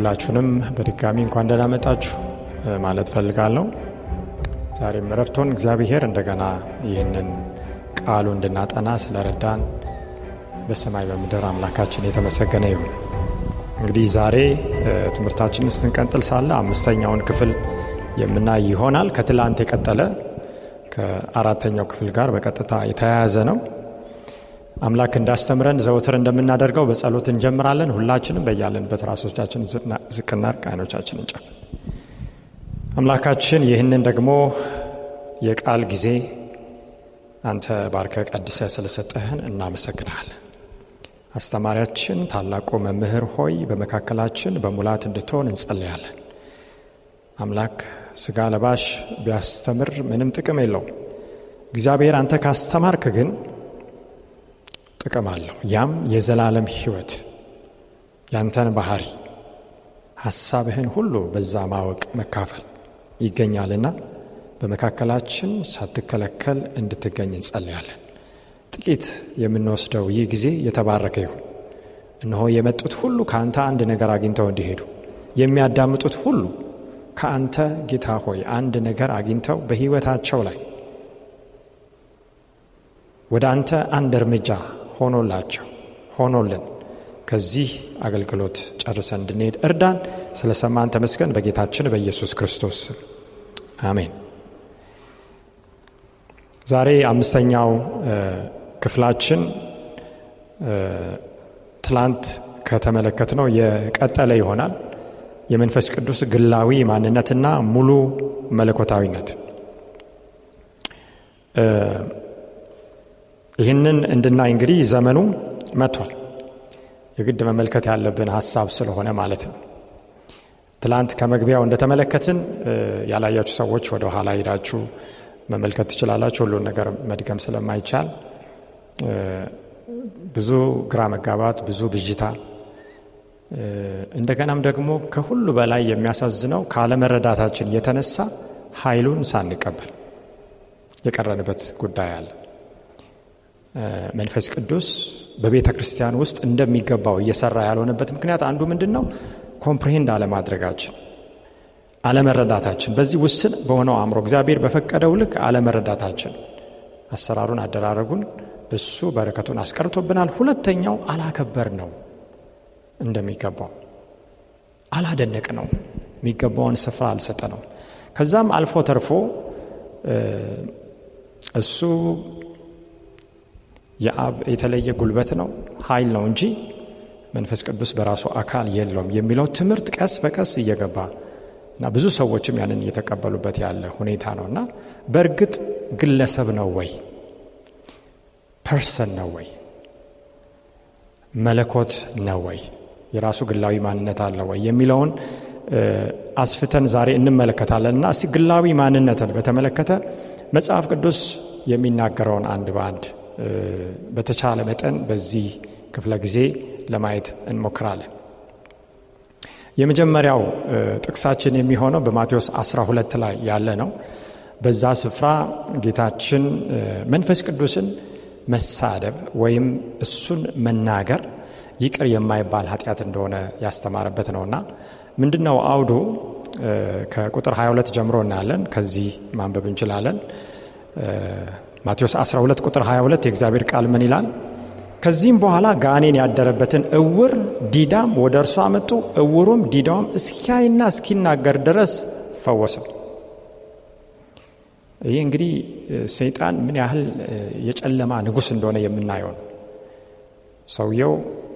ሁላችሁንም በድጋሚ እንኳን ደህና ማለት ፈልጋለሁ። ዛሬም ረድቶን እግዚአብሔር እንደገና ይህንን ቃሉ እንድናጠና ስለረዳን በሰማይ በምድር አምላካችን የተመሰገነ ይሁን። እንግዲህ ዛሬ ትምህርታችንን ስንቀጥል ሳለ አምስተኛውን ክፍል የምናይ ይሆናል። ከትላንት የቀጠለ ከአራተኛው ክፍል ጋር በቀጥታ የተያያዘ ነው። አምላክ እንዳስተምረን ዘውትር እንደምናደርገው በጸሎት እንጀምራለን። ሁላችንም በያለንበት ራሶቻችን ዝቅና አይኖቻችንን እንጨፍ። አምላካችን ይህንን ደግሞ የቃል ጊዜ አንተ ባርከ ቀድሰ ስለሰጠህን እናመሰግናለን። አስተማሪያችን ታላቁ መምህር ሆይ በመካከላችን በሙላት እንድትሆን እንጸልያለን። አምላክ ስጋ ለባሽ ቢያስተምር ምንም ጥቅም የለው እግዚአብሔር አንተ ካስተማርክ ግን ጥቅም አለው። ያም የዘላለም ህይወት ያንተን ባህሪ ሐሳብህን ሁሉ በዛ ማወቅ መካፈል ይገኛልና በመካከላችን ሳትከለከል እንድትገኝ እንጸልያለን። ጥቂት የምንወስደው ይህ ጊዜ የተባረከ ይሁን። እነሆ የመጡት ሁሉ ከአንተ አንድ ነገር አግኝተው እንዲሄዱ የሚያዳምጡት ሁሉ ከአንተ ጌታ ሆይ አንድ ነገር አግኝተው በሕይወታቸው ላይ ወደ አንተ አንድ እርምጃ ሆኖላቸው ሆኖልን ከዚህ አገልግሎት ጨርሰን እንድንሄድ እርዳን። ስለ ሰማን ተመስገን። በጌታችን በኢየሱስ ክርስቶስ አሜን። ዛሬ አምስተኛው ክፍላችን ትላንት ነው የቀጠለ ይሆናል። የመንፈስ ቅዱስ ግላዊ ማንነትና ሙሉ መለኮታዊነት ይህንን እንድናይ እንግዲህ ዘመኑ መጥቷል። የግድ መመልከት ያለብን ሀሳብ ስለሆነ ማለት ነው። ትላንት ከመግቢያው እንደተመለከትን ያላያችሁ ሰዎች ወደ ኋላ ሄዳችሁ መመልከት ትችላላችሁ። ሁሉን ነገር መድገም ስለማይቻል ብዙ ግራ መጋባት፣ ብዙ ብዥታ፣ እንደገናም ደግሞ ከሁሉ በላይ የሚያሳዝነው ካለመረዳታችን የተነሳ ኃይሉን ሳንቀበል የቀረንበት ጉዳይ አለ። መንፈስ ቅዱስ በቤተ ክርስቲያን ውስጥ እንደሚገባው እየሰራ ያልሆነበት ምክንያት አንዱ ምንድን ነው? ኮምፕሬሄንድ አለማድረጋችን፣ አለመረዳታችን፣ በዚህ ውስን በሆነው አእምሮ እግዚአብሔር በፈቀደው ልክ አለመረዳታችን፣ አሰራሩን፣ አደራረጉን እሱ በረከቱን አስቀርቶብናል። ሁለተኛው አላከበር ነው እንደሚገባው አላደነቅ ነው የሚገባውን ስፍራ አልሰጠ ነው። ከዛም አልፎ ተርፎ እሱ የአብ የተለየ ጉልበት ነው ኃይል ነው እንጂ መንፈስ ቅዱስ በራሱ አካል የለውም የሚለው ትምህርት ቀስ በቀስ እየገባ እና ብዙ ሰዎችም ያንን እየተቀበሉበት ያለ ሁኔታ ነው እና በእርግጥ ግለሰብ ነው ወይ ፐርሰን ነው ወይ መለኮት ነው ወይ የራሱ ግላዊ ማንነት አለ ወይ የሚለውን አስፍተን ዛሬ እንመለከታለን እና እስቲ ግላዊ ማንነትን በተመለከተ መጽሐፍ ቅዱስ የሚናገረውን አንድ በአንድ በተቻለ መጠን በዚህ ክፍለ ጊዜ ለማየት እንሞክራለን። የመጀመሪያው ጥቅሳችን የሚሆነው በማቴዎስ 12 ላይ ያለ ነው። በዛ ስፍራ ጌታችን መንፈስ ቅዱስን መሳደብ ወይም እሱን መናገር ይቅር የማይባል ኃጢአት እንደሆነ ያስተማረበት ነውና ምንድነው ነው አውዱ? ከቁጥር 22 ጀምሮ እናያለን። ከዚህ ማንበብ እንችላለን። ማቴዎስ 12 ቁጥር 22 የእግዚአብሔር ቃል ምን ይላል? ከዚህም በኋላ ጋኔን ያደረበትን እውር ዲዳም ወደ እርሱ አመጡ። እውሩም ዲዳውም እስኪያይና እስኪናገር ድረስ ፈወሰው። ይህ እንግዲህ ሰይጣን ምን ያህል የጨለማ ንጉሥ እንደሆነ የምናየው ነው። ሰውየው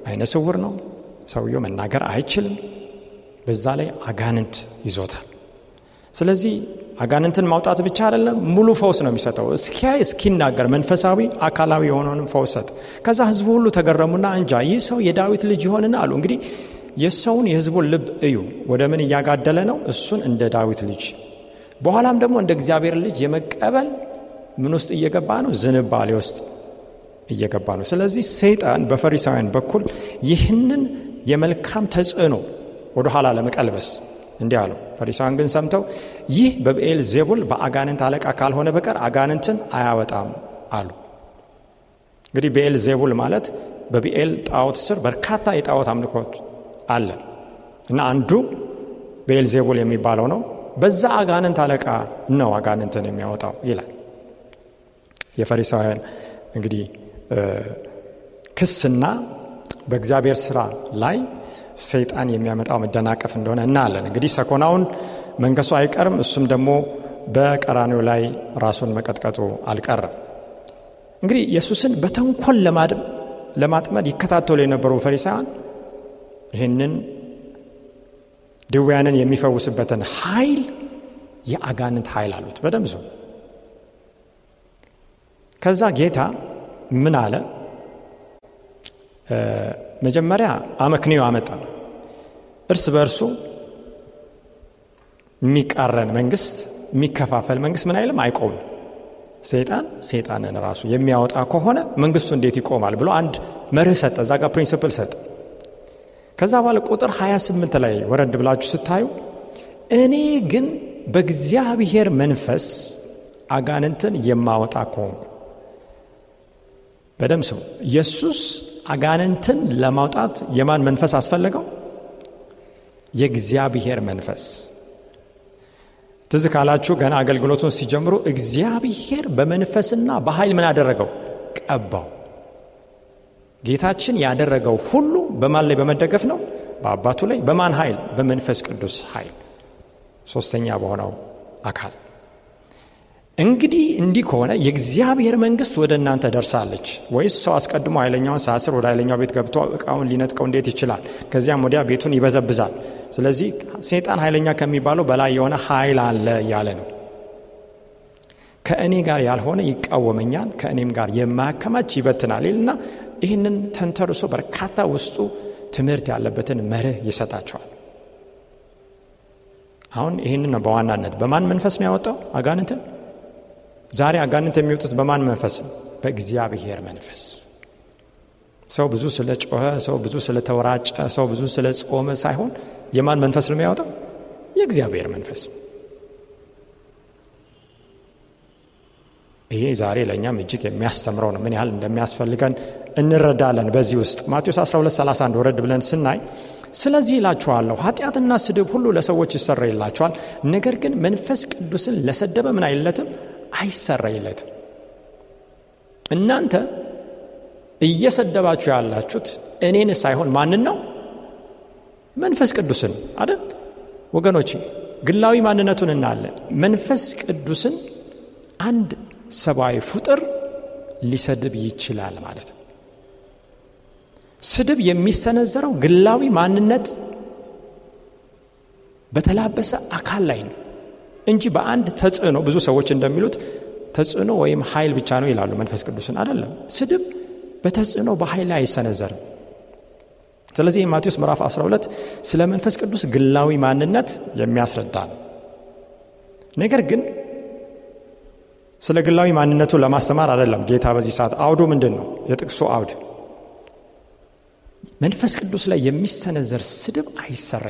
አይነ ስውር ነው። ሰውየው መናገር አይችልም። በዛ ላይ አጋንንት ይዞታል። ስለዚህ አጋንንትን ማውጣት ብቻ አይደለም፣ ሙሉ ፈውስ ነው የሚሰጠው። እስኪያይ እስኪናገር መንፈሳዊ አካላዊ የሆነውንም ፈውስ ሰጥ። ከዛ ህዝቡ ሁሉ ተገረሙና እንጃ ይህ ሰው የዳዊት ልጅ ይሆንና አሉ። እንግዲህ የሰውን የህዝቡን ልብ እዩ፣ ወደ ምን እያጋደለ ነው? እሱን እንደ ዳዊት ልጅ በኋላም ደግሞ እንደ እግዚአብሔር ልጅ የመቀበል ምን ውስጥ እየገባ ነው? ዝንባሌ ውስጥ እየገባ ነው። ስለዚህ ሰይጣን በፈሪሳውያን በኩል ይህንን የመልካም ተጽዕኖ ወደኋላ ለመቀልበስ እንዲህ አለው። ፈሪሳውያን ግን ሰምተው ይህ በብኤል ዜቡል በአጋንንት አለቃ ካልሆነ በቀር አጋንንትን አያወጣም አሉ። እንግዲህ ብኤል ዜቡል ማለት በብኤል ጣዖት ስር በርካታ የጣዖት አምልኮች አለ እና አንዱ ብኤል ዜቡል የሚባለው ነው። በዛ አጋንንት አለቃ ነው አጋንንትን የሚያወጣው ይላል። የፈሪሳውያን እንግዲህ ክስና በእግዚአብሔር ስራ ላይ ሰይጣን የሚያመጣው መደናቀፍ እንደሆነ እናያለን። እንግዲህ ሰኮናውን መንገሱ አይቀርም። እሱም ደግሞ በቀራኔው ላይ ራሱን መቀጥቀጡ አልቀረም። እንግዲህ ኢየሱስን በተንኮል ለማጥመድ ይከታተሉ የነበሩ ፈሪሳውያን ይህንን ድውያንን የሚፈውስበትን ኃይል የአጋንንት ኃይል አሉት። በደምዙ ከዛ ጌታ ምን አለ? መጀመሪያ አመክንዮ አመጣ። እርስ በእርሱ የሚቃረን መንግስት፣ የሚከፋፈል መንግስት ምን አይልም አይቆምም። ሰይጣን ሰይጣንን ራሱ የሚያወጣ ከሆነ መንግስቱ እንዴት ይቆማል ብሎ አንድ መርህ ሰጠ። እዛ ጋር ፕሪንስፕል ሰጠ። ከዛ በኋላ ቁጥር 28 ላይ ወረድ ብላችሁ ስታዩ እኔ ግን በእግዚአብሔር መንፈስ አጋንንትን የማወጣ ከሆንኩ በደም ስሙ ኢየሱስ አጋንንትን ለማውጣት የማን መንፈስ አስፈለገው? የእግዚአብሔር መንፈስ። ትዝ ካላችሁ ገና አገልግሎቱን ሲጀምሩ እግዚአብሔር በመንፈስና በኃይል ምን አደረገው? ቀባው። ጌታችን ያደረገው ሁሉ በማን ላይ በመደገፍ ነው? በአባቱ ላይ። በማን ኃይል? በመንፈስ ቅዱስ ኃይል፣ ሶስተኛ በሆነው አካል እንግዲህ እንዲህ ከሆነ የእግዚአብሔር መንግስት ወደ እናንተ ደርሳለች። ወይስ ሰው አስቀድሞ ኃይለኛውን ሳስር ወደ ኃይለኛው ቤት ገብቶ እቃውን ሊነጥቀው እንዴት ይችላል? ከዚያም ወዲያ ቤቱን ይበዘብዛል። ስለዚህ ሴጣን ኃይለኛ ከሚባለው በላይ የሆነ ኃይል አለ እያለ ነው። ከእኔ ጋር ያልሆነ ይቃወመኛል፣ ከእኔም ጋር የማያከማች ይበትናል ይልና ይህንን ተንተርሶ በርካታ ውስጡ ትምህርት ያለበትን መርህ ይሰጣቸዋል። አሁን ይህንን ነው በዋናነት በማን መንፈስ ነው ያወጣው አጋንንትን ዛሬ አጋንንት የሚወጡት በማን መንፈስ ነው? በእግዚአብሔር መንፈስ። ሰው ብዙ ስለ ጮኸ፣ ሰው ብዙ ስለ ተወራጨ፣ ሰው ብዙ ስለ ጾመ ሳይሆን የማን መንፈስ ነው የሚያወጣው? የእግዚአብሔር መንፈስ። ይሄ ዛሬ ለእኛም እጅግ የሚያስተምረው ነው። ምን ያህል እንደሚያስፈልገን እንረዳለን። በዚህ ውስጥ ማቴዎስ 1231 31 ወረድ ብለን ስናይ ስለዚህ ይላችኋለሁ ኃጢአትና ስድብ ሁሉ ለሰዎች ይሰረይላቸዋል፣ ነገር ግን መንፈስ ቅዱስን ለሰደበ ምን አይለትም አይሰረይለትም። እናንተ እየሰደባችሁ ያላችሁት እኔን ሳይሆን ማንን ነው? መንፈስ ቅዱስን አይደል? ወገኖቼ ግላዊ ማንነቱን እናያለን። መንፈስ ቅዱስን አንድ ሰብአዊ ፍጥር ሊሰድብ ይችላል ማለት ነው። ስድብ የሚሰነዘረው ግላዊ ማንነት በተላበሰ አካል ላይ ነው። እንጂ በአንድ ተጽዕኖ ብዙ ሰዎች እንደሚሉት ተጽዕኖ ወይም ኃይል ብቻ ነው ይላሉ መንፈስ ቅዱስን አይደለም ስድብ በተጽዕኖ በኃይል ላይ አይሰነዘርም ስለዚህ ማቴዎስ ምዕራፍ 12 ስለ መንፈስ ቅዱስ ግላዊ ማንነት የሚያስረዳ ነው ነገር ግን ስለ ግላዊ ማንነቱ ለማስተማር አደለም ጌታ በዚህ ሰዓት አውዱ ምንድን ነው የጥቅሱ አውድ መንፈስ ቅዱስ ላይ የሚሰነዘር ስድብ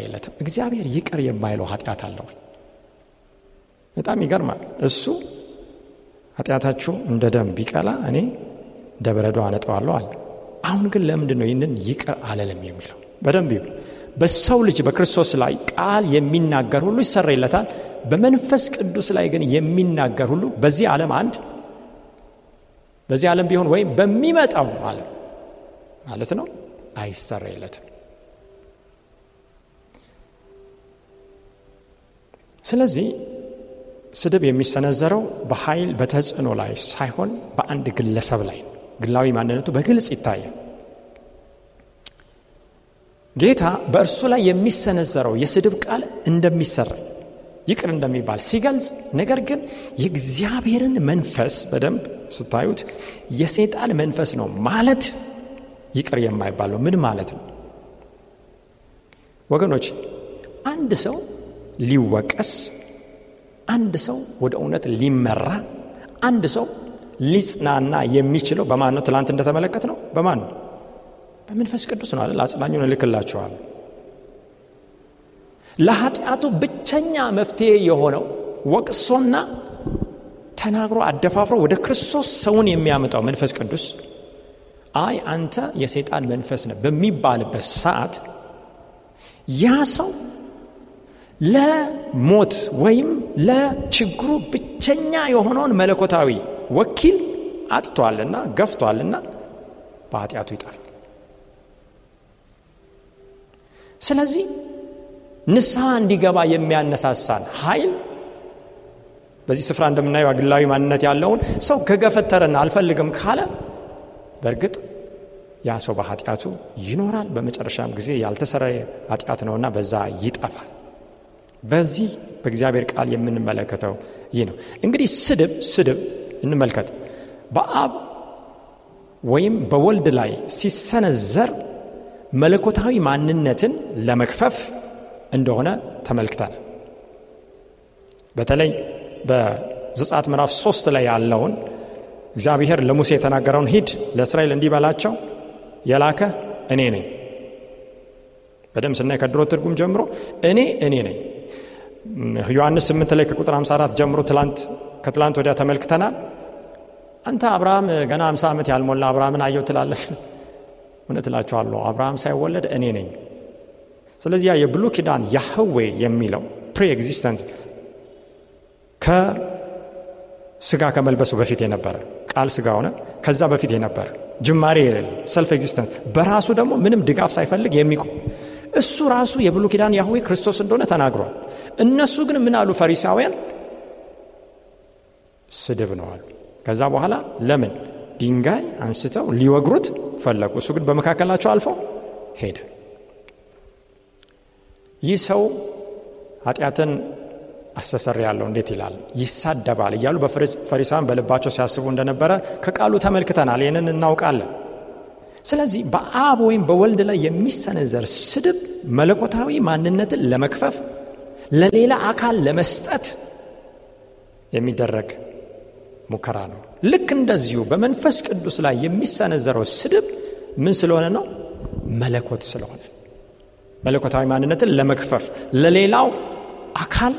የለትም እግዚአብሔር ይቅር የማይለው ኃጢአት አለው በጣም ይገርማል። እሱ ኃጢአታችሁ እንደ ደም ቢቀላ እኔ እንደ በረዶ አነጠዋለሁ አለ። አሁን ግን ለምንድን ነው ይህንን ይቅር አለልም የሚለው? በደንብ ይሁን። በሰው ልጅ በክርስቶስ ላይ ቃል የሚናገር ሁሉ ይሰረይለታል። በመንፈስ ቅዱስ ላይ ግን የሚናገር ሁሉ በዚህ ዓለም አንድ በዚህ ዓለም ቢሆን ወይም በሚመጣው ዓለም ማለት ነው አይሰረይለትም። ስለዚህ ስድብ የሚሰነዘረው በኃይል በተጽዕኖ ላይ ሳይሆን በአንድ ግለሰብ ላይ ግላዊ ማንነቱ በግልጽ ይታያል። ጌታ በእርሱ ላይ የሚሰነዘረው የስድብ ቃል እንደሚሰራ ይቅር እንደሚባል ሲገልጽ፣ ነገር ግን የእግዚአብሔርን መንፈስ በደንብ ስታዩት የሴጣን መንፈስ ነው ማለት ይቅር የማይባለው ምን ማለት ነው ወገኖች? አንድ ሰው ሊወቀስ አንድ ሰው ወደ እውነት ሊመራ አንድ ሰው ሊጽናና የሚችለው በማን ነው? ትላንት እንደተመለከት ነው። በማን ነው? በመንፈስ ቅዱስ ነው አለ አጽናኙን እልክላችኋል። ለኃጢአቱ ብቸኛ መፍትሄ የሆነው ወቅሶና ተናግሮ አደፋፍሮ ወደ ክርስቶስ ሰውን የሚያመጣው መንፈስ ቅዱስ አይ አንተ የሰይጣን መንፈስ ነ በሚባልበት ሰዓት ያ ሰው ለሞት ወይም ለችግሩ ብቸኛ የሆነውን መለኮታዊ ወኪል አጥቷልና ገፍቷልና በኃጢአቱ ይጠፋል። ስለዚህ ንስሐ እንዲገባ የሚያነሳሳን ኃይል በዚህ ስፍራ እንደምናየው አግላዊ ማንነት ያለውን ሰው ከገፈተረና አልፈልግም ካለ በእርግጥ ያ ሰው በኃጢአቱ ይኖራል። በመጨረሻም ጊዜ ያልተሰራ ኃጢአት ነውና በዛ ይጠፋል። በዚህ በእግዚአብሔር ቃል የምንመለከተው ይህ ነው። እንግዲህ ስድብ ስድብ እንመልከት። በአብ ወይም በወልድ ላይ ሲሰነዘር መለኮታዊ ማንነትን ለመክፈፍ እንደሆነ ተመልክታል። በተለይ በዘጻት ምዕራፍ ሶስት ላይ ያለውን እግዚአብሔር ለሙሴ የተናገረውን ሂድ ለእስራኤል እንዲህ በላቸው የላከ እኔ ነኝ። በደም ስናይ ከድሮ ትርጉም ጀምሮ እኔ እኔ ነኝ ዮሐንስ 8 ላይ ከቁጥር 54 ጀምሮ ትላንት ከትላንት ወዲያ ተመልክተናል። አንተ አብርሃም ገና 50 ዓመት ያልሞላ አብርሃምን አየው ትላለህ። እውነት እላችኋለሁ አብርሃም ሳይወለድ እኔ ነኝ። ስለዚህ ያ የብሉ ኪዳን ያህዌ የሚለው ፕሪ ኤግዚስተንስ ከስጋ ከመልበሱ በፊት የነበረ ቃል ስጋ ሆነ፣ ከዛ በፊት የነበረ ጅማሬ የሌለ ሰልፍ ኤግዚስተንስ በራሱ ደግሞ ምንም ድጋፍ ሳይፈልግ የሚቆም እሱ ራሱ የብሉ ኪዳን ያህዌ ክርስቶስ እንደሆነ ተናግሯል። እነሱ ግን ምን አሉ? ፈሪሳውያን ስድብ ነው አሉ። ከዛ በኋላ ለምን ድንጋይ አንስተው ሊወግሩት ፈለጉ። እሱ ግን በመካከላቸው አልፎ ሄደ። ይህ ሰው ኃጢአትን አስተሰር ያለው እንዴት ይላል? ይሳደባል እያሉ በፈሪሳን በልባቸው ሲያስቡ እንደነበረ ከቃሉ ተመልክተናል። ይህንን እናውቃለን። ስለዚህ በአብ ወይም በወልድ ላይ የሚሰነዘር ስድብ መለኮታዊ ማንነትን ለመክፈፍ ለሌላ አካል ለመስጠት የሚደረግ ሙከራ ነው። ልክ እንደዚሁ በመንፈስ ቅዱስ ላይ የሚሰነዘረው ስድብ ምን ስለሆነ ነው? መለኮት ስለሆነ መለኮታዊ ማንነትን ለመክፈፍ ለሌላው አካል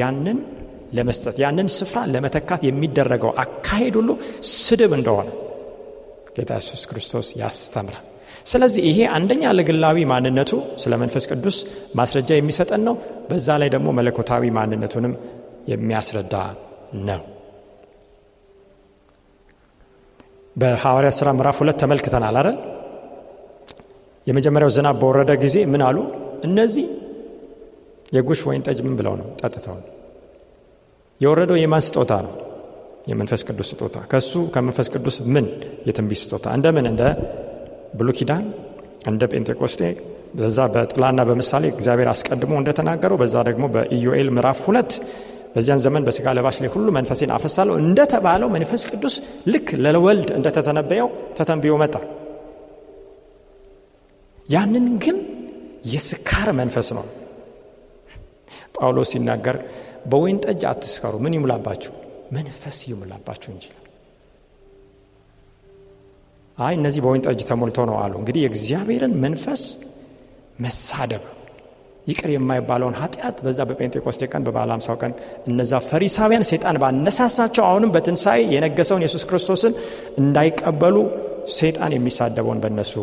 ያንን ለመስጠት ያንን ስፍራ ለመተካት የሚደረገው አካሄድ ሁሉ ስድብ እንደሆነ ጌታ ኢየሱስ ክርስቶስ ያስተምራል። ስለዚህ ይሄ አንደኛ ለግላዊ ማንነቱ ስለ መንፈስ ቅዱስ ማስረጃ የሚሰጠን ነው። በዛ ላይ ደግሞ መለኮታዊ ማንነቱንም የሚያስረዳ ነው። በሐዋርያ ሥራ ምዕራፍ ሁለት ተመልክተናል አይደል? የመጀመሪያው ዝናብ በወረደ ጊዜ ምን አሉ? እነዚህ የጉሽ ወይን ጠጅ ምን ብለው ነው? ጠጥተው የወረደው የማን ስጦታ ነው? የመንፈስ ቅዱስ ስጦታ ከሱ ከመንፈስ ቅዱስ ምን የትንቢት ስጦታ እንደምን እንደ ብሉ ኪዳን እንደ ጴንጤቆስቴ በዛ በጥላና በምሳሌ እግዚአብሔር አስቀድሞ እንደተናገረው በዛ ደግሞ በኢዮኤል ምዕራፍ ሁለት በዚያን ዘመን በስጋ ለባሽ ላይ ሁሉ መንፈሴን አፈሳለሁ እንደተባለው መንፈስ ቅዱስ ልክ ለወልድ እንደተተነበየው ተተንብዮ መጣ። ያንን ግን የስካር መንፈስ ነው። ጳውሎስ ሲናገር በወይን ጠጅ አትስከሩ፣ ምን ይሙላባችሁ መንፈስ ይሙላባችሁ እንጂ አይ እነዚህ በወይን ጠጅ ተሞልቶ ነው አሉ። እንግዲህ የእግዚአብሔርን መንፈስ መሳደብ ይቅር የማይባለውን ኃጢአት በዛ በጴንጤቆስቴ ቀን በበዓለ ሃምሳው ቀን እነዛ ፈሪሳውያን ሴጣን ባነሳሳቸው አሁንም በትንሣኤ የነገሰውን ኢየሱስ ክርስቶስን እንዳይቀበሉ ሴጣን የሚሳደበውን በእነሱ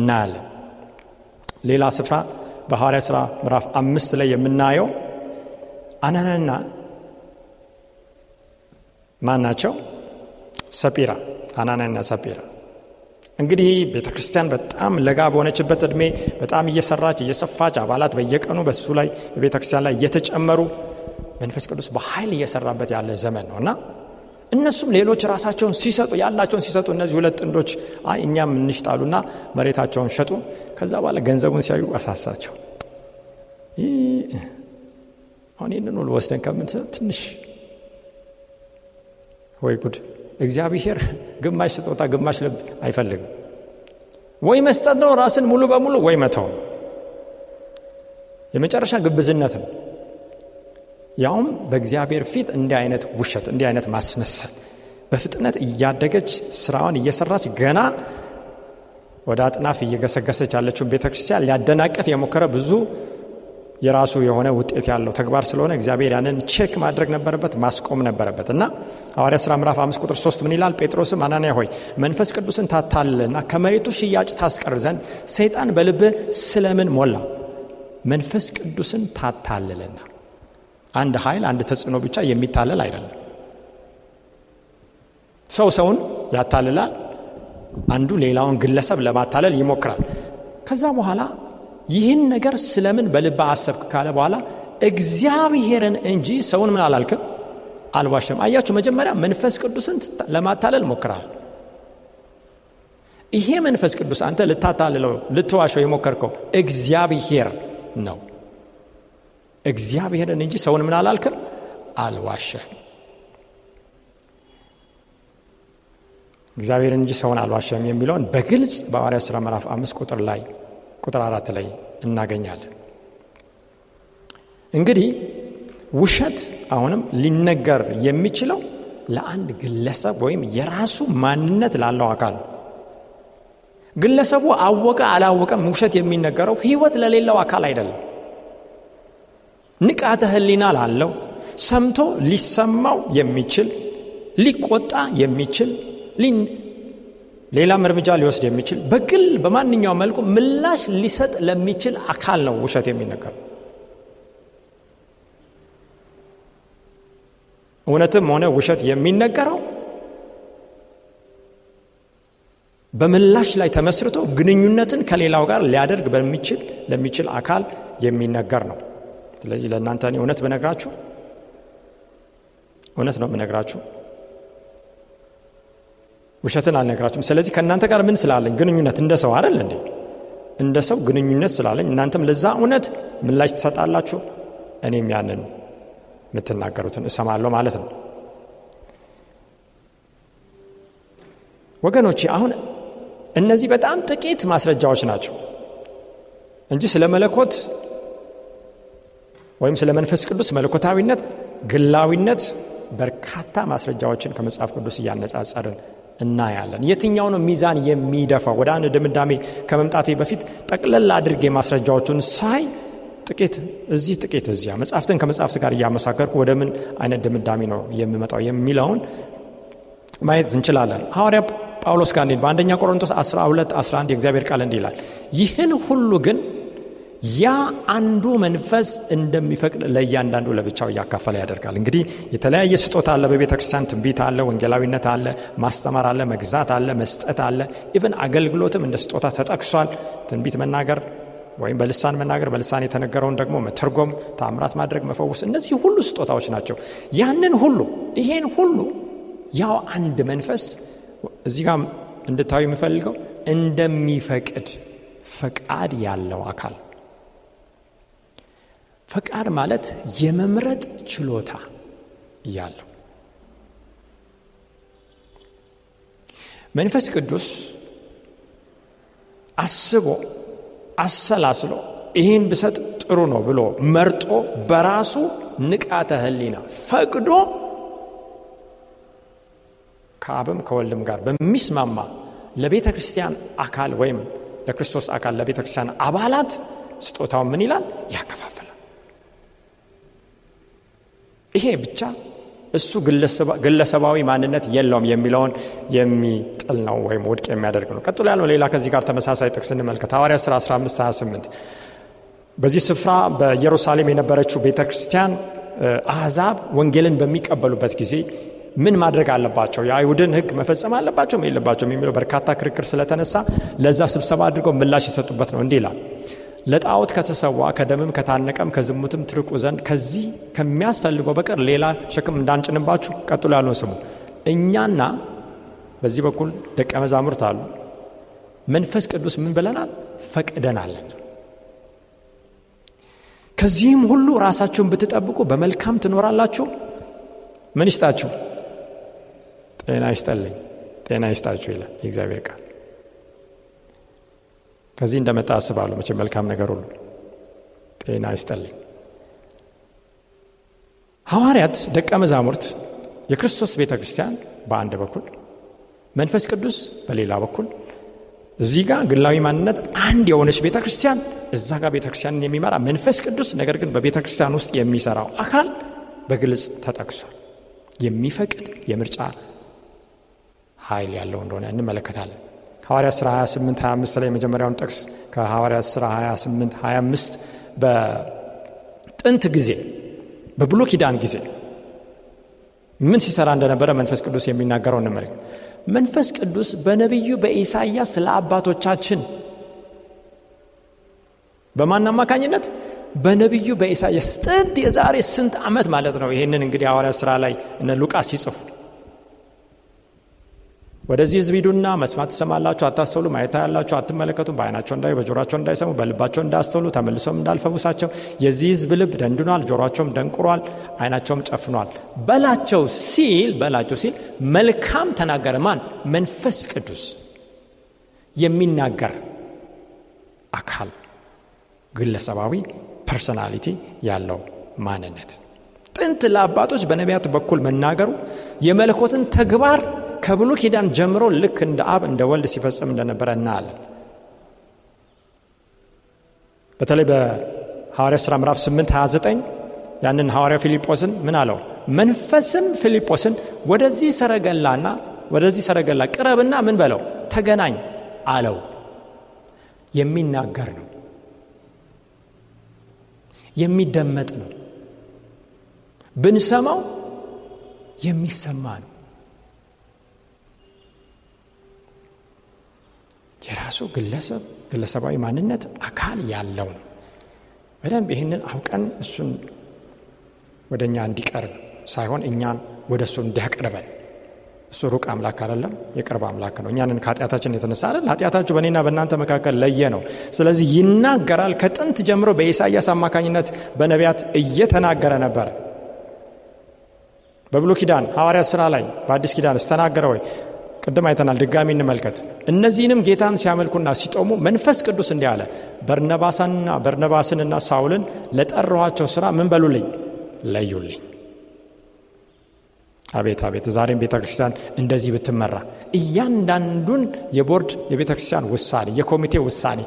እናያለን። ሌላ ስፍራ በሐዋርያ ሥራ ምዕራፍ አምስት ላይ የምናየው አናናና ማን ናቸው? ሰጲራ አናናና ሰጲራ። እንግዲህ ቤተ ክርስቲያን በጣም ለጋ በሆነችበት እድሜ በጣም እየሰራች እየሰፋች አባላት በየቀኑ በሱ ላይ በቤተ ክርስቲያን ላይ እየተጨመሩ መንፈስ ቅዱስ በኃይል እየሰራበት ያለ ዘመን ነው እና እነሱም ሌሎች ራሳቸውን ሲሰጡ ያላቸውን ሲሰጡ እነዚህ ሁለት ጥንዶች እኛም እንሽጣሉና መሬታቸውን ሸጡ። ከዛ በኋላ ገንዘቡን ሲያዩ አሳሳቸው። አሁን ይህንን ወስደን ትንሽ ወይ ጉድ! እግዚአብሔር ግማሽ ስጦታ ግማሽ ልብ አይፈልግም። ወይ መስጠት ነው ራስን ሙሉ በሙሉ ወይ መተው የመጨረሻ ግብዝነት ነው። ያውም በእግዚአብሔር ፊት እንዲህ አይነት ውሸት፣ እንዲህ አይነት ማስመሰል በፍጥነት እያደገች ስራዋን እየሰራች ገና ወደ አጥናፍ እየገሰገሰች ያለችውን ቤተክርስቲያን ሊያደናቀፍ የሞከረ ብዙ የራሱ የሆነ ውጤት ያለው ተግባር ስለሆነ እግዚአብሔር ያንን ቼክ ማድረግ ነበረበት፣ ማስቆም ነበረበት እና ሐዋርያ ሥራ ምራፍ 5 ቁጥር 3 ምን ይላል? ጴጥሮስም አናንያ ሆይ መንፈስ ቅዱስን ታታልልና ከመሬቱ ሽያጭ ታስቀር ዘንድ ሰይጣን በልብ ስለምን ሞላ? መንፈስ ቅዱስን ታታልልና አንድ ኃይል አንድ ተጽዕኖ ብቻ የሚታለል አይደለም። ሰው ሰውን ያታልላል። አንዱ ሌላውን ግለሰብ ለማታለል ይሞክራል። ከዛ በኋላ ይህን ነገር ስለምን በልባ አሰብክ ካለ በኋላ እግዚአብሔርን እንጂ ሰውን ምን አላልክም አልዋሸም አያችሁ መጀመሪያ መንፈስ ቅዱስን ለማታለል ሞክራል ይሄ መንፈስ ቅዱስ አንተ ልታታልለው ልትዋሸው የሞከርከው እግዚአብሔር ነው እግዚአብሔርን እንጂ ሰውን ምን አላልክም አልዋሸህ እግዚአብሔርን እንጂ ሰውን አልዋሸም የሚለውን በግልጽ በአዋርያ ሥራ መራፍ አምስት ቁጥር ላይ ቁጥር አራት ላይ እናገኛለን። እንግዲህ ውሸት አሁንም ሊነገር የሚችለው ለአንድ ግለሰብ ወይም የራሱ ማንነት ላለው አካል ግለሰቡ አወቀ አላወቀም ውሸት የሚነገረው ህይወት ለሌለው አካል አይደለም። ንቃተ ህሊና ላለው ሰምቶ ሊሰማው የሚችል ሊቆጣ የሚችል ሌላም እርምጃ ሊወስድ የሚችል በግል በማንኛውም መልኩ ምላሽ ሊሰጥ ለሚችል አካል ነው ውሸት የሚነገረው። እውነትም ሆነ ውሸት የሚነገረው በምላሽ ላይ ተመስርቶ ግንኙነትን ከሌላው ጋር ሊያደርግ በሚችል ለሚችል አካል የሚነገር ነው። ስለዚህ ለእናንተ እውነት ብነግራችሁ እውነት ነው ብነግራችሁ ውሸትን አልነግራችሁም። ስለዚህ ከእናንተ ጋር ምን ስላለኝ ግንኙነት እንደ ሰው አይደል እንዴ? እንደ ሰው ግንኙነት ስላለኝ እናንተም ለዛ እውነት ምላሽ ትሰጣላችሁ፣ እኔም ያንን የምትናገሩትን እሰማለሁ ማለት ነው። ወገኖቼ አሁን እነዚህ በጣም ጥቂት ማስረጃዎች ናቸው እንጂ ስለ መለኮት ወይም ስለ መንፈስ ቅዱስ መለኮታዊነት፣ ግላዊነት በርካታ ማስረጃዎችን ከመጽሐፍ ቅዱስ እያነጻጸርን እናያለን። የትኛው ነው ሚዛን የሚደፋው? ወደ አንድ ድምዳሜ ከመምጣቴ በፊት ጠቅለል አድርጌ ማስረጃዎቹን ሳይ ጥቂት እዚህ ጥቂት እዚያ መጽሐፍትን ከመጽሐፍት ጋር እያመሳከርኩ ወደ ምን አይነት ድምዳሜ ነው የሚመጣው የሚለውን ማየት እንችላለን። ሐዋርያ ጳውሎስ ጋር በአንደኛ ቆሮንቶስ 12 11 የእግዚአብሔር ቃል እንዲ ይላል፣ ይህን ሁሉ ግን ያ አንዱ መንፈስ እንደሚፈቅድ ለእያንዳንዱ ለብቻው እያካፈለ ያደርጋል። እንግዲህ የተለያየ ስጦታ አለ በቤተ ክርስቲያን፣ ትንቢት አለ፣ ወንጌላዊነት አለ፣ ማስተማር አለ፣ መግዛት አለ፣ መስጠት አለ። ኢቨን አገልግሎትም እንደ ስጦታ ተጠቅሷል። ትንቢት መናገር ወይም በልሳን መናገር፣ በልሳን የተነገረውን ደግሞ መተርጎም፣ ታምራት ማድረግ፣ መፈወስ፣ እነዚህ ሁሉ ስጦታዎች ናቸው። ያንን ሁሉ ይሄን ሁሉ ያው አንድ መንፈስ እዚህ ጋር እንድታዩ የምፈልገው እንደሚፈቅድ ፈቃድ ያለው አካል ፈቃድ ማለት የመምረጥ ችሎታ እያለው መንፈስ ቅዱስ አስቦ አሰላስሎ ይህን ብሰጥ ጥሩ ነው ብሎ መርጦ በራሱ ንቃተ ህሊና ፈቅዶ ከአብም ከወልድም ጋር በሚስማማ ለቤተ ክርስቲያን አካል ወይም ለክርስቶስ አካል ለቤተ ክርስቲያን አባላት ስጦታው ምን ይላል ያከፋፍላል። ይሄ ብቻ እሱ ግለሰባዊ ማንነት የለውም የሚለውን የሚጥል ነው ወይም ውድቅ የሚያደርግ ነው። ቀጥሎ ያለው ሌላ ከዚህ ጋር ተመሳሳይ ጥቅስ እንመልከት። ሐዋርያ ሥራ 15 28 በዚህ ስፍራ በኢየሩሳሌም የነበረችው ቤተ ክርስቲያን አሕዛብ ወንጌልን በሚቀበሉበት ጊዜ ምን ማድረግ አለባቸው? የአይሁድን ህግ መፈጸም አለባቸው የለባቸውም የሚለው በርካታ ክርክር ስለተነሳ ለዛ ስብሰባ አድርገው ምላሽ የሰጡበት ነው። እንዲህ ይላል ለጣዖት ከተሰዋ ከደምም ከታነቀም ከዝሙትም ትርቁ ዘንድ ከዚህ ከሚያስፈልገው በቀር ሌላ ሸክም እንዳንጭንባችሁ ቀጥሎ ያለውን ስሙ። እኛና በዚህ በኩል ደቀ መዛሙርት አሉ። መንፈስ ቅዱስ ምን ብለናል? ፈቅደናለን። ከዚህም ሁሉ ራሳችሁን ብትጠብቁ በመልካም ትኖራላችሁ። ምን ይስጣችሁ? ጤና ይስጠልኝ፣ ጤና ይስጣችሁ ይላል የእግዚአብሔር ቃል። ከዚህ እንደመጣ አስባለሁ። መቼ መልካም ነገር ሁሉ ጤና ይስጠልኝ። ሐዋርያት፣ ደቀ መዛሙርት፣ የክርስቶስ ቤተ ክርስቲያን በአንድ በኩል መንፈስ ቅዱስ በሌላ በኩል እዚህ ጋር ግላዊ ማንነት አንድ የሆነች ቤተ ክርስቲያን፣ እዛ ጋር ቤተ ክርስቲያንን የሚመራ መንፈስ ቅዱስ፣ ነገር ግን በቤተ ክርስቲያን ውስጥ የሚሰራው አካል በግልጽ ተጠቅሷል። የሚፈቅድ የምርጫ ኃይል ያለው እንደሆነ እንመለከታለን። ሐዋርያ ሥራ 28 25 ላይ የመጀመሪያውን ጥቅስ ከሐዋርያ ሥራ 28 25 በጥንት ጊዜ በብሉ ኪዳን ጊዜ ምን ሲሰራ እንደነበረ መንፈስ ቅዱስ የሚናገረው እንመልከት። መንፈስ ቅዱስ በነቢዩ በኢሳይያስ ስለ አባቶቻችን በማን አማካኝነት? በነቢዩ በኢሳይያስ ጥንት የዛሬ ስንት ዓመት ማለት ነው። ይህንን እንግዲህ ሐዋርያ ሥራ ላይ እነ ሉቃስ ሲጽፉ ወደዚህ ህዝብ ሂዱና መስማት ትሰማላችሁ፣ አታስተውሉ፣ ማየት ያላችሁ አትመለከቱም፣ በአይናቸው እንዳዩ፣ በጆሮቸው እንዳይሰሙ፣ በልባቸው እንዳያስተውሉ፣ ተመልሰውም እንዳልፈውሳቸው የዚህ ህዝብ ልብ ደንድኗል፣ ጆሮቸውም ደንቁሯል፣ አይናቸውም ጨፍኗል በላቸው ሲል በላቸው ሲል መልካም ተናገረ። ማን? መንፈስ ቅዱስ የሚናገር አካል ግለሰባዊ ፐርሶናሊቲ ያለው ማንነት ጥንት ለአባቶች በነቢያት በኩል መናገሩ የመለኮትን ተግባር ከብሉ ኪዳን ጀምሮ ልክ እንደ አብ እንደ ወልድ ሲፈጽም እንደነበረ እናያለን። በተለይ በሐዋርያ ሥራ ምዕራፍ 8 29 ያንን ሐዋርያ ፊልጶስን ምን አለው? መንፈስም ፊልጶስን ወደዚህ ሰረገላና ወደዚህ ሰረገላ ቅረብና ምን በለው ተገናኝ አለው። የሚናገር ነው፣ የሚደመጥ ነው፣ ብንሰማው የሚሰማ ነው። የራሱ ግለሰብ ግለሰባዊ ማንነት አካል ያለው ነው። በደንብ ይህንን አውቀን እሱን ወደ እኛ እንዲቀርብ ሳይሆን እኛን ወደ እሱ እንዲያቀርበን እሱ ሩቅ አምላክ አይደለም፣ የቅርብ አምላክ ነው። እኛንን ከኃጢአታችን የተነሳ አይደል ኃጢአታችሁ በእኔና በእናንተ መካከል ለየ ነው። ስለዚህ ይናገራል። ከጥንት ጀምሮ በኢሳያስ አማካኝነት በነቢያት እየተናገረ ነበረ። በብሉ ኪዳን ሐዋርያት ሥራ ላይ በአዲስ ኪዳን ስተናገረ ወይ ቅድም አይተናል። ድጋሚ እንመልከት። እነዚህንም ጌታን ሲያመልኩና ሲጦሙ መንፈስ ቅዱስ እንዲህ አለ፣ በርነባሳንና በርነባስንና ሳውልን ለጠራኋቸው ስራ ምን በሉልኝ? ለዩልኝ። አቤት አቤት! ዛሬም ቤተ ክርስቲያን እንደዚህ ብትመራ እያንዳንዱን የቦርድ የቤተ ክርስቲያን ውሳኔ፣ የኮሚቴ ውሳኔ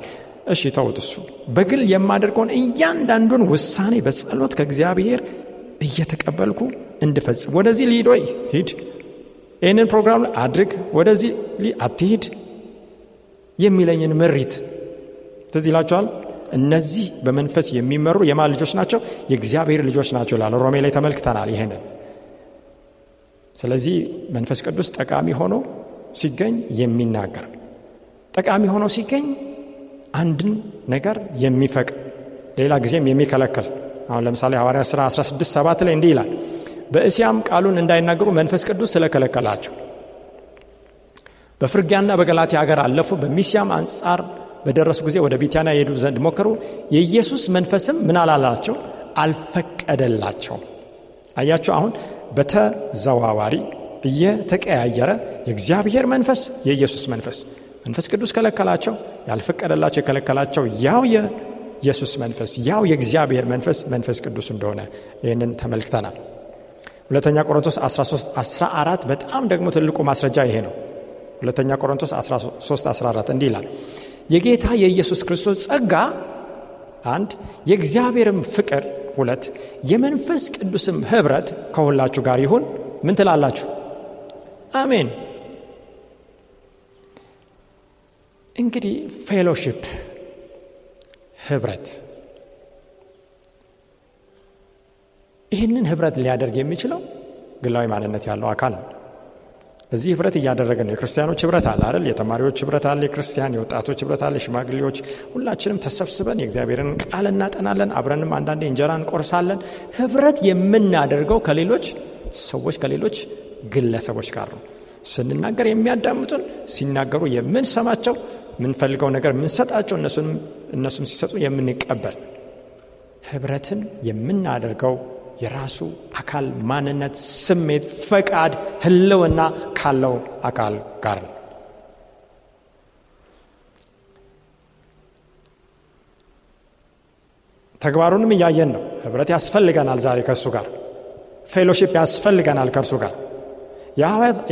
እሺ ተውት፣ እሱ በግል የማደርገውን እያንዳንዱን ውሳኔ በጸሎት ከእግዚአብሔር እየተቀበልኩ እንድፈጽም ወደዚህ ሊዶይ ሂድ ይህንን ፕሮግራም ላይ አድርግ፣ ወደዚህ አትሂድ የሚለኝን ምሪት ትዝ ይላቸዋል። እነዚህ በመንፈስ የሚመሩ የማን ልጆች ናቸው? የእግዚአብሔር ልጆች ናቸው ላለ ሮሜ ላይ ተመልክተናል ይሄንን። ስለዚህ መንፈስ ቅዱስ ጠቃሚ ሆኖ ሲገኝ የሚናገር ጠቃሚ ሆኖ ሲገኝ አንድን ነገር የሚፈቅ ሌላ ጊዜም የሚከለክል አሁን ለምሳሌ ሐዋርያ ሥራ 16 7 ላይ እንዲህ ይላል በእስያም ቃሉን እንዳይናገሩ መንፈስ ቅዱስ ስለከለከላቸው በፍርጊያና በገላትያ አገር አለፉ። በሚስያም አንጻር በደረሱ ጊዜ ወደ ቢታንያ የሄዱ ዘንድ ሞከሩ። የኢየሱስ መንፈስም ምን አላላቸው? አልፈቀደላቸው። አያቸው። አሁን በተዘዋዋሪ እየተቀያየረ የእግዚአብሔር መንፈስ፣ የኢየሱስ መንፈስ መንፈስ ቅዱስ ከለከላቸው። ያልፈቀደላቸው የከለከላቸው ያው የኢየሱስ መንፈስ ያው የእግዚአብሔር መንፈስ መንፈስ ቅዱስ እንደሆነ ይህንን ተመልክተናል። ሁለተኛ ቆሮንቶስ 14 በጣም ደግሞ ትልቁ ማስረጃ ይሄ ነው። ሁለተኛ ቆሮንቶስ 13 14 እንዲህ ይላል የጌታ የኢየሱስ ክርስቶስ ጸጋ አንድ የእግዚአብሔርም ፍቅር ሁለት የመንፈስ ቅዱስም ህብረት ከሁላችሁ ጋር ይሁን። ምን ትላላችሁ? አሜን። እንግዲህ ፌሎሺፕ ህብረት ይህንን ህብረት ሊያደርግ የሚችለው ግላዊ ማንነት ያለው አካል ነው። እዚህ ህብረት እያደረገ ነው። የክርስቲያኖች ህብረት አለ አይደል? የተማሪዎች ህብረት አለ፣ የክርስቲያን የወጣቶች ህብረት አለ፣ የሽማግሌዎች ሁላችንም ተሰብስበን የእግዚአብሔርን ቃል እናጠናለን። አብረንም አንዳንዴ እንጀራ እንቆርሳለን። ህብረት የምናደርገው ከሌሎች ሰዎች ከሌሎች ግለሰቦች ጋር ነው። ስንናገር የሚያዳምጡን፣ ሲናገሩ የምንሰማቸው፣ የምንፈልገው ነገር የምንሰጣቸው፣ እነሱም ሲሰጡ የምንቀበል ህብረትን የምናደርገው የራሱ አካል ማንነት፣ ስሜት፣ ፈቃድ፣ ህልውና ካለው አካል ጋር ነው። ተግባሩንም እያየን ነው። ህብረት ያስፈልገናል። ዛሬ ከእሱ ጋር ፌሎሺፕ ያስፈልገናል ከእርሱ ጋር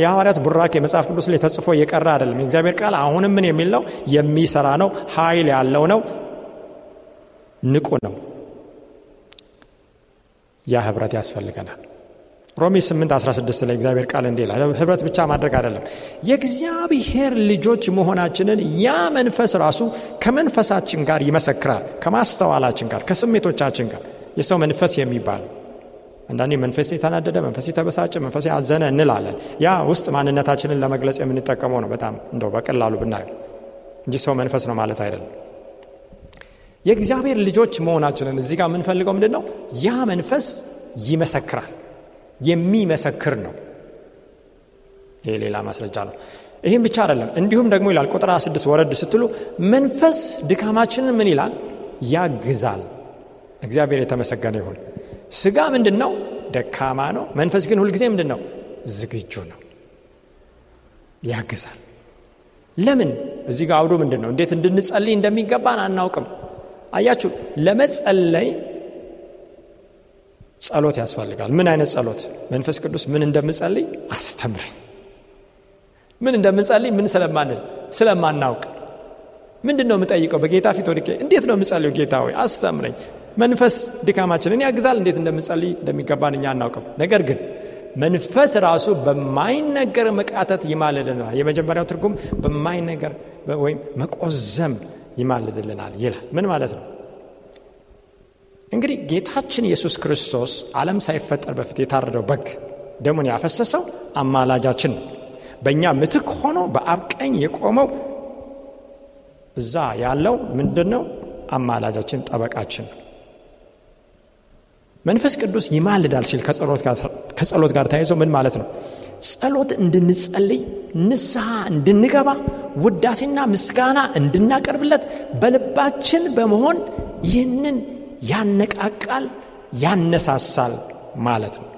የሐዋርያት ቡራኬ መጽሐፍ ቅዱስ ላይ ተጽፎ የቀረ አይደለም። የእግዚአብሔር ቃል አሁንም ምን የሚል ነው? የሚሰራ ነው፣ ኃይል ያለው ነው፣ ንቁ ነው። ያ ህብረት ያስፈልገናል። ሮሜ 8 16 ላይ እግዚአብሔር ቃል እንዲ ይላል፣ ህብረት ብቻ ማድረግ አይደለም፣ የእግዚአብሔር ልጆች መሆናችንን ያ መንፈስ ራሱ ከመንፈሳችን ጋር ይመሰክራል፣ ከማስተዋላችን ጋር፣ ከስሜቶቻችን ጋር የሰው መንፈስ የሚባል አንዳንዴ መንፈስ የተናደደ መንፈስ የተበሳጨ መንፈስ ያዘነ እንላለን። ያ ውስጥ ማንነታችንን ለመግለጽ የምንጠቀመው ነው። በጣም እንደው በቀላሉ ብናየው እንጂ ሰው መንፈስ ነው ማለት አይደለም። የእግዚአብሔር ልጆች መሆናችንን እዚህ ጋር የምንፈልገው ምንድን ነው? ያ መንፈስ ይመሰክራል። የሚመሰክር ነው። ይሄ ሌላ ማስረጃ ነው። ይህም ብቻ አይደለም። እንዲሁም ደግሞ ይላል ቁጥር 26 ወረድ ስትሉ መንፈስ ድካማችንን ምን ይላል? ያግዛል። እግዚአብሔር የተመሰገነ ይሁን። ስጋ ምንድን ነው? ደካማ ነው። መንፈስ ግን ሁልጊዜ ምንድን ነው? ዝግጁ ነው። ያግዛል። ለምን? እዚህ ጋር አውዱ ምንድን ነው? እንዴት እንድንጸልይ እንደሚገባን አናውቅም። አያችሁ ለመጸለይ ጸሎት ያስፈልጋል ምን አይነት ጸሎት መንፈስ ቅዱስ ምን እንደምጸልይ አስተምረኝ ምን እንደምጸልይ ምን ስለማንል ስለማናውቅ ምንድን ነው የምጠይቀው በጌታ ፊት ወድቄ እንዴት ነው የምጸልዩ ጌታ ሆይ አስተምረኝ መንፈስ ድካማችንን ያግዛል እንዴት እንደምጸልይ እንደሚገባን እኛ አናውቅም ነገር ግን መንፈስ ራሱ በማይነገር መቃተት ይማልልና የመጀመሪያው ትርጉም በማይነገር ወይም መቆዘም ይማልድልናል ይላል። ምን ማለት ነው? እንግዲህ ጌታችን ኢየሱስ ክርስቶስ ዓለም ሳይፈጠር በፊት የታረደው በግ ደሙን ያፈሰሰው አማላጃችን ነው። በእኛ ምትክ ሆኖ በአብቀኝ የቆመው እዛ ያለው ምንድን ነው? አማላጃችን፣ ጠበቃችን ነው። መንፈስ ቅዱስ ይማልዳል ሲል ከጸሎት ጋር ተያይዞ ምን ማለት ነው? ጸሎት እንድንጸልይ ንስሐ እንድንገባ ውዳሴና ምስጋና እንድናቀርብለት በልባችን በመሆን ይህንን ያነቃቃል ያነሳሳል ማለት ነው